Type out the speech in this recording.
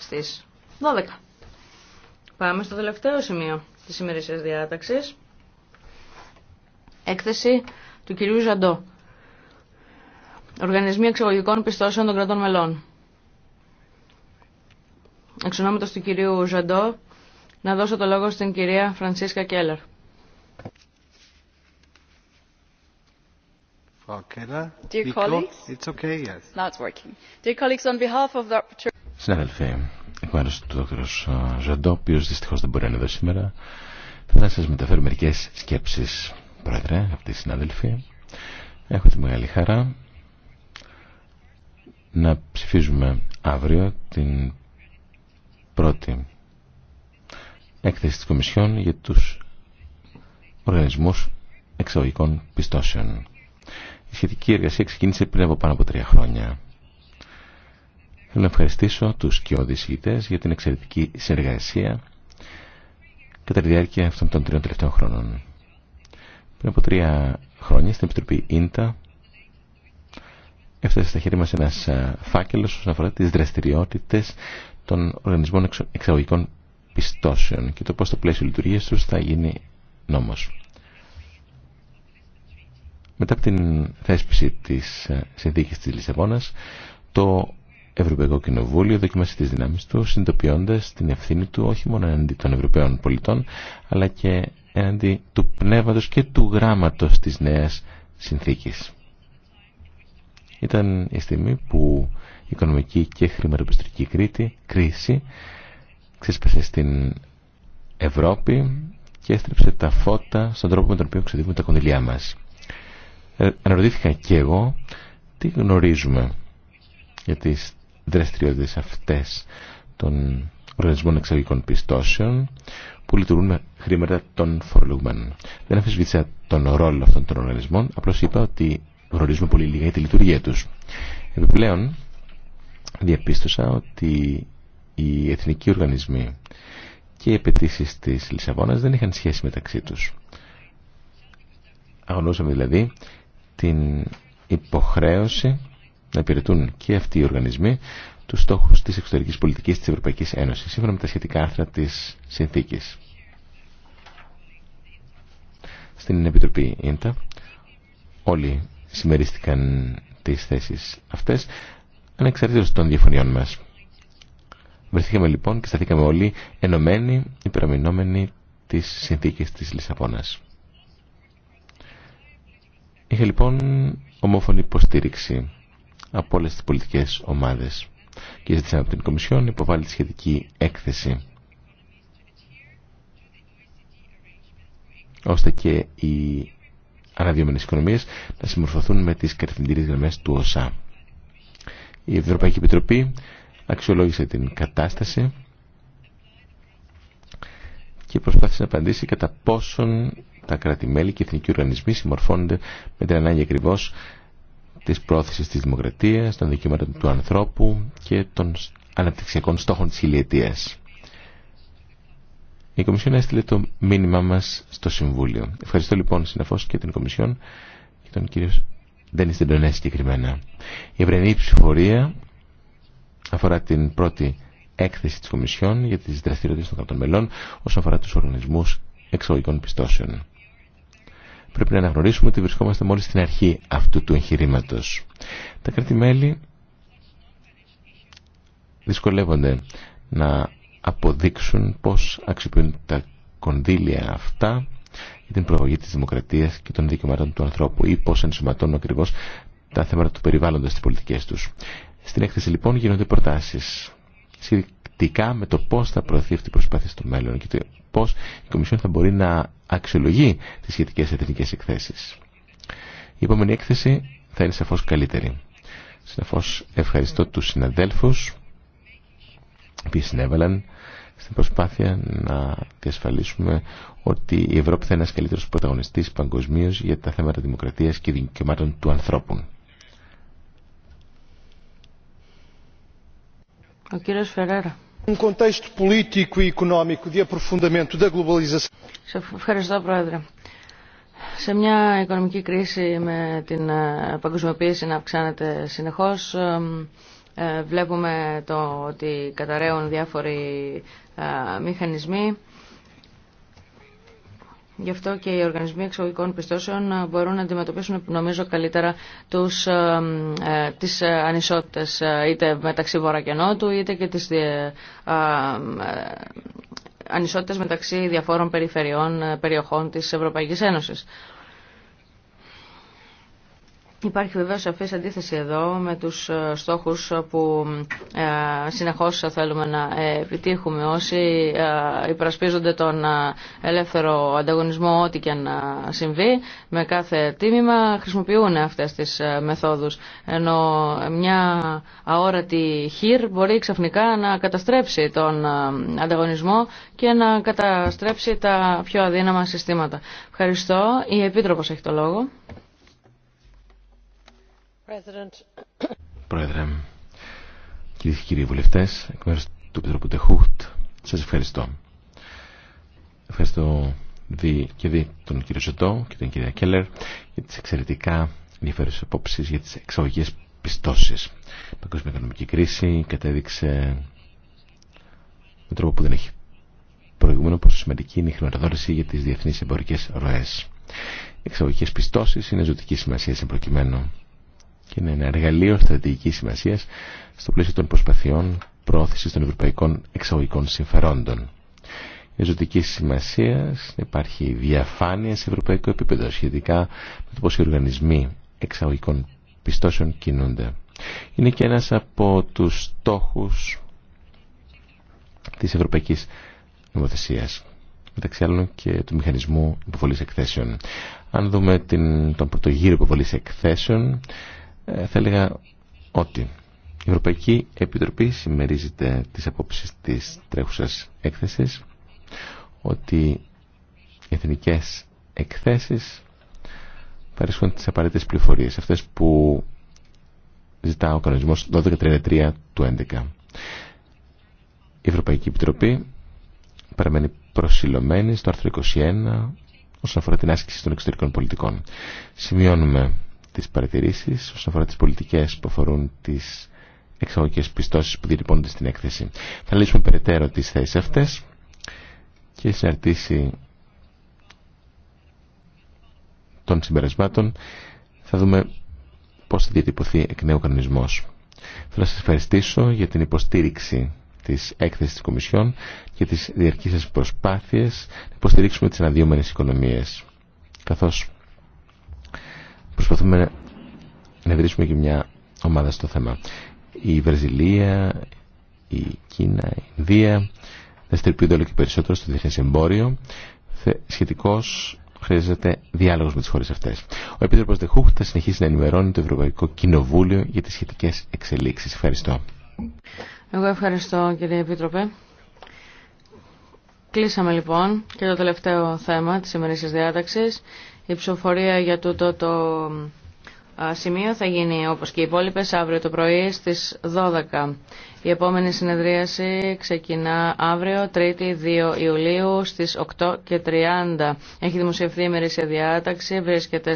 στις 12. Πάμε στο τελευταίο σημείο της ημερήσιας διάταξης. Έκθεση του κυρίου Ζαντό. Οργανισμοί εξαγωγικών πιστώσεων των κρατών μελών. Εξ του κυρίου Ζαντό, να δώσω το λόγο στην κυρία Φρανσίσκα Κέλλερ. Dear colleagues, it's okay, yes. Now working. Dear colleagues, on behalf of the Συνάδελφοι, εκ μέρου του Δ. Ε, Ζαντό, ο οποίο δυστυχώ δεν μπορεί να είναι εδώ σήμερα, θα σα μεταφέρω μερικέ σκέψει, Πρόεδρε, αγαπητοί συνάδελφοι. Έχω τη μεγάλη χαρά να ψηφίζουμε αύριο την πρώτη έκθεση τη Κομισιόν για τους Οργανισμού εξαγωγικών πιστώσεων. Η σχετική εργασία ξεκίνησε πριν από πάνω από τρία χρόνια. Θέλω να ευχαριστήσω τους κοιόδης για την εξαιρετική συνεργασία κατά τη διάρκεια αυτών των τριών τελευταίων χρόνων. Πριν από τρία χρόνια στην Επιτροπή ΙΝΤΑ έφτασε στα χέρια μας ένας φάκελος όσον αφορά τις δραστηριότητες των οργανισμών εξαγωγικών πιστώσεων και το πώς το πλαίσιο λειτουργίας τους θα γίνει νόμος. Μετά από την θέσπιση της συνθήκης της Λισαβόνας, το Ευρωπαϊκό Κοινοβούλιο δοκιμάσει τις δυνάμεις του, συνειδητοποιώντας την ευθύνη του όχι μόνο εναντί των Ευρωπαίων πολιτών, αλλά και εναντί του πνεύματος και του γράμματος της νέας συνθήκης. Ήταν η στιγμή που η οικονομική και χρηματοπιστρική κρίση ξέσπασε στην Ευρώπη και έστρεψε τα φώτα στον τρόπο με τον οποίο ξεδίδουμε τα κονδυλιά μας. Ε, αναρωτήθηκα και εγώ τι γνωρίζουμε για τις δραστηριότητες αυτές των οργανισμών εξαγωγικών πιστώσεων που λειτουργούν με χρήματα των φορολογουμένων. Δεν αφισβήτησα τον ρόλο αυτών των οργανισμών, απλώς είπα ότι γνωρίζουμε πολύ λίγα για τη λειτουργία τους. Επιπλέον, διαπίστωσα ότι οι εθνικοί οργανισμοί και οι απαιτήσει της Λισαβόνας δεν είχαν σχέση μεταξύ τους. Αγνώσαμε δηλαδή την υποχρέωση να υπηρετούν και αυτοί οι οργανισμοί του στόχου τη εξωτερική πολιτική τη Ευρωπαϊκή Ένωση, σύμφωνα με τα σχετικά άρθρα τη συνθήκη. Στην Επιτροπή ΙΝΤΑ όλοι συμμερίστηκαν τι θέσει αυτέ, ανεξαρτήτω των διαφωνιών μα. Βρεθήκαμε λοιπόν και σταθήκαμε όλοι ενωμένοι, υπεραμεινόμενοι τη συνθήκη τη Λισαβόνα. Είχε λοιπόν ομόφωνη υποστήριξη από όλες τις πολιτικές ομάδες. Και ζήτησαν από την Κομισιόν υποβάλει τη σχετική έκθεση ώστε και οι αναδυόμενες οικονομίες να συμμορφωθούν με τις κατευθυντήριες γραμμές του ΟΣΑ. Η Ευρωπαϊκή Επιτροπή αξιολόγησε την κατάσταση και προσπάθησε να απαντήσει κατά πόσον τα κράτη-μέλη και εθνικοί οργανισμοί συμμορφώνονται με την ανάγκη ακριβώ της πρόθεσης της δημοκρατίας, των δικαιωμάτων του ανθρώπου και των αναπτυξιακών στόχων της χιλιετίας. Η Κομισιόν έστειλε το μήνυμά μας στο Συμβούλιο. Ευχαριστώ λοιπόν συναφώς και την Κομισιόν και τον κύριο Ντένις Τεντονές συγκεκριμένα. Η ευρενή ψηφορία αφορά την πρώτη έκθεση της Κομισιόν για τις δραστηριότητες των κρατών μελών όσον αφορά τους οργανισμούς εξαγωγικών πιστώσεων. Πρέπει να αναγνωρίσουμε ότι βρισκόμαστε μόλις στην αρχή αυτού του εγχειρήματο. Τα κράτη-μέλη δυσκολεύονται να αποδείξουν πώς αξιοποιούν τα κονδύλια αυτά για την προβολή της δημοκρατίας και των δικαιωμάτων του ανθρώπου ή πώς ενσωματώνουν ακριβώ τα θέματα του περιβάλλοντος στις πολιτικές τους. Στην έκθεση λοιπόν γίνονται προτάσεις σχετικά με το πώς θα προωθεί αυτή η προσπάθεια στο μέλλον και πώς η Κομισιόν θα μπορεί να αξιολογεί τις σχετικές εθνικές εκθέσεις. Η επόμενη έκθεση θα είναι σαφώς καλύτερη. Σαφώς ευχαριστώ τους συναδέλφους που συνέβαλαν στην προσπάθεια να διασφαλίσουμε ότι η Ευρώπη θα είναι ένας καλύτερος πρωταγωνιστής παγκοσμίως για τα θέματα δημοκρατίας και δικαιωμάτων του ανθρώπου. Ο κύριος Ευχαριστώ, Πρόεδρε. Σε μια οικονομική κρίση με την ε, παγκοσμιοποίηση να αυξάνεται συνεχώς, ε, ε, βλέπουμε το ότι καταραίουν διάφοροι μηχανισμοί Γι' αυτό και οι οργανισμοί εξωγικών πιστώσεων ε, μπορούν να αντιμετωπίσουν, νομίζω, καλύτερα τους, ε, ε τις ε, ανισότητες είτε μεταξύ βορρά και νότου, είτε και τις ε, ανισότητες μεταξύ διαφόρων περιφερειών, περιοχών της Ευρωπαϊκής Ένωσης. Υπάρχει βεβαίω σαφής αντίθεση εδώ με τους ε, στόχους που ε, συνεχώς θέλουμε να ε, επιτύχουμε όσοι υπερασπίζονται τον ελεύθερο ανταγωνισμό ό,τι και να συμβεί με κάθε τίμημα χρησιμοποιούν αυτές τις μεθόδους ενώ μια αόρατη χείρ μπορεί ξαφνικά να καταστρέψει τον ανταγωνισμό και να καταστρέψει τα πιο αδύναμα συστήματα. Ευχαριστώ. Η Επίτροπος έχει το λόγο. Πρόεδρε, κυρίε και κύριοι βουλευτέ, εκ μέρου του Επιτροπού Τεχούχτ, σα ευχαριστώ. Ευχαριστώ δι και δι τον κύριο Ζωτό και τον κύριο Κέλλερ για τι εξαιρετικά ενδιαφέρουσε απόψει για τι εξαγωγέ πιστώσει. Η παγκόσμια οικονομική κρίση κατέδειξε με τρόπο που δεν έχει προηγούμενο πόσο σημαντική είναι η χρηματοδότηση για τι διεθνεί εμπορικέ ροέ. Οι εξαγωγικέ πιστώσει είναι ζωτική σημασία σε προκειμένου και είναι ένα εργαλείο στρατηγικής σημασίας στο πλαίσιο των προσπαθειών πρόθεσης των ευρωπαϊκών εξαγωγικών συμφερόντων. Η ζωτική σημασία υπάρχει διαφάνεια σε ευρωπαϊκό επίπεδο σχετικά με το πώς οι οργανισμοί εξαγωγικών πιστώσεων κινούνται. Είναι και ένας από τους στόχους της ευρωπαϊκής νομοθεσίας μεταξύ άλλων και του μηχανισμού υποβολής εκθέσεων. Αν δούμε την, τον πρωτογύρο υποβολή υποβολής εκθέσεων ε, θα έλεγα ότι η Ευρωπαϊκή Επιτροπή συμμερίζεται τις απόψεις της τρέχουσας έκθεσης ότι οι εθνικές εκθέσεις παρέσχουν τις απαραίτητες πληροφορίες, αυτές που ζητά ο κανονισμός 1233 του 11. Η Ευρωπαϊκή Επιτροπή παραμένει προσιλωμένη στο άρθρο 21 όσον αφορά την άσκηση των εξωτερικών πολιτικών. Σημειώνουμε τις παρατηρήσεις όσον αφορά τις πολιτικές που αφορούν τις εξαγωγικές πιστώσεις που διατυπώνονται στην έκθεση. Θα λύσουμε περαιτέρω τις θέσεις αυτές και συναρτήσει των συμπερασμάτων θα δούμε πώς θα διατυπωθεί εκ νέου κανονισμός. Θέλω να σας ευχαριστήσω για την υποστήριξη της έκθεσης της Κομισιόν και τις διαρκείς σας προσπάθειες να υποστηρίξουμε τις αναδυόμενες οικονομίες. Καθώς προσπαθούμε να βρίσουμε και μια ομάδα στο θέμα. Η Βραζιλία, η Κίνα, η Ινδία στερπίδουν όλο και περισσότερο στο διεθνές εμπόριο. Σχετικώ χρειάζεται διάλογο με τι χώρε αυτέ. Ο Επίτροπος Δεχούχ θα συνεχίσει να ενημερώνει το Ευρωπαϊκό Κοινοβούλιο για τι σχετικέ εξελίξει. Ευχαριστώ. Εγώ ευχαριστώ κύριε Επίτροπε. Κλείσαμε λοιπόν και το τελευταίο θέμα της σημερινής διάταξης. Η ψηφοφορία για το το σημείο θα γίνει όπως και οι υπόλοιπε αύριο το πρωί στις 12. Η επόμενη συνεδρίαση ξεκινά αύριο 3η 2 Ιουλίου στις 8.30. Έχει δημοσιευθεί η διάταξη, βρίσκεται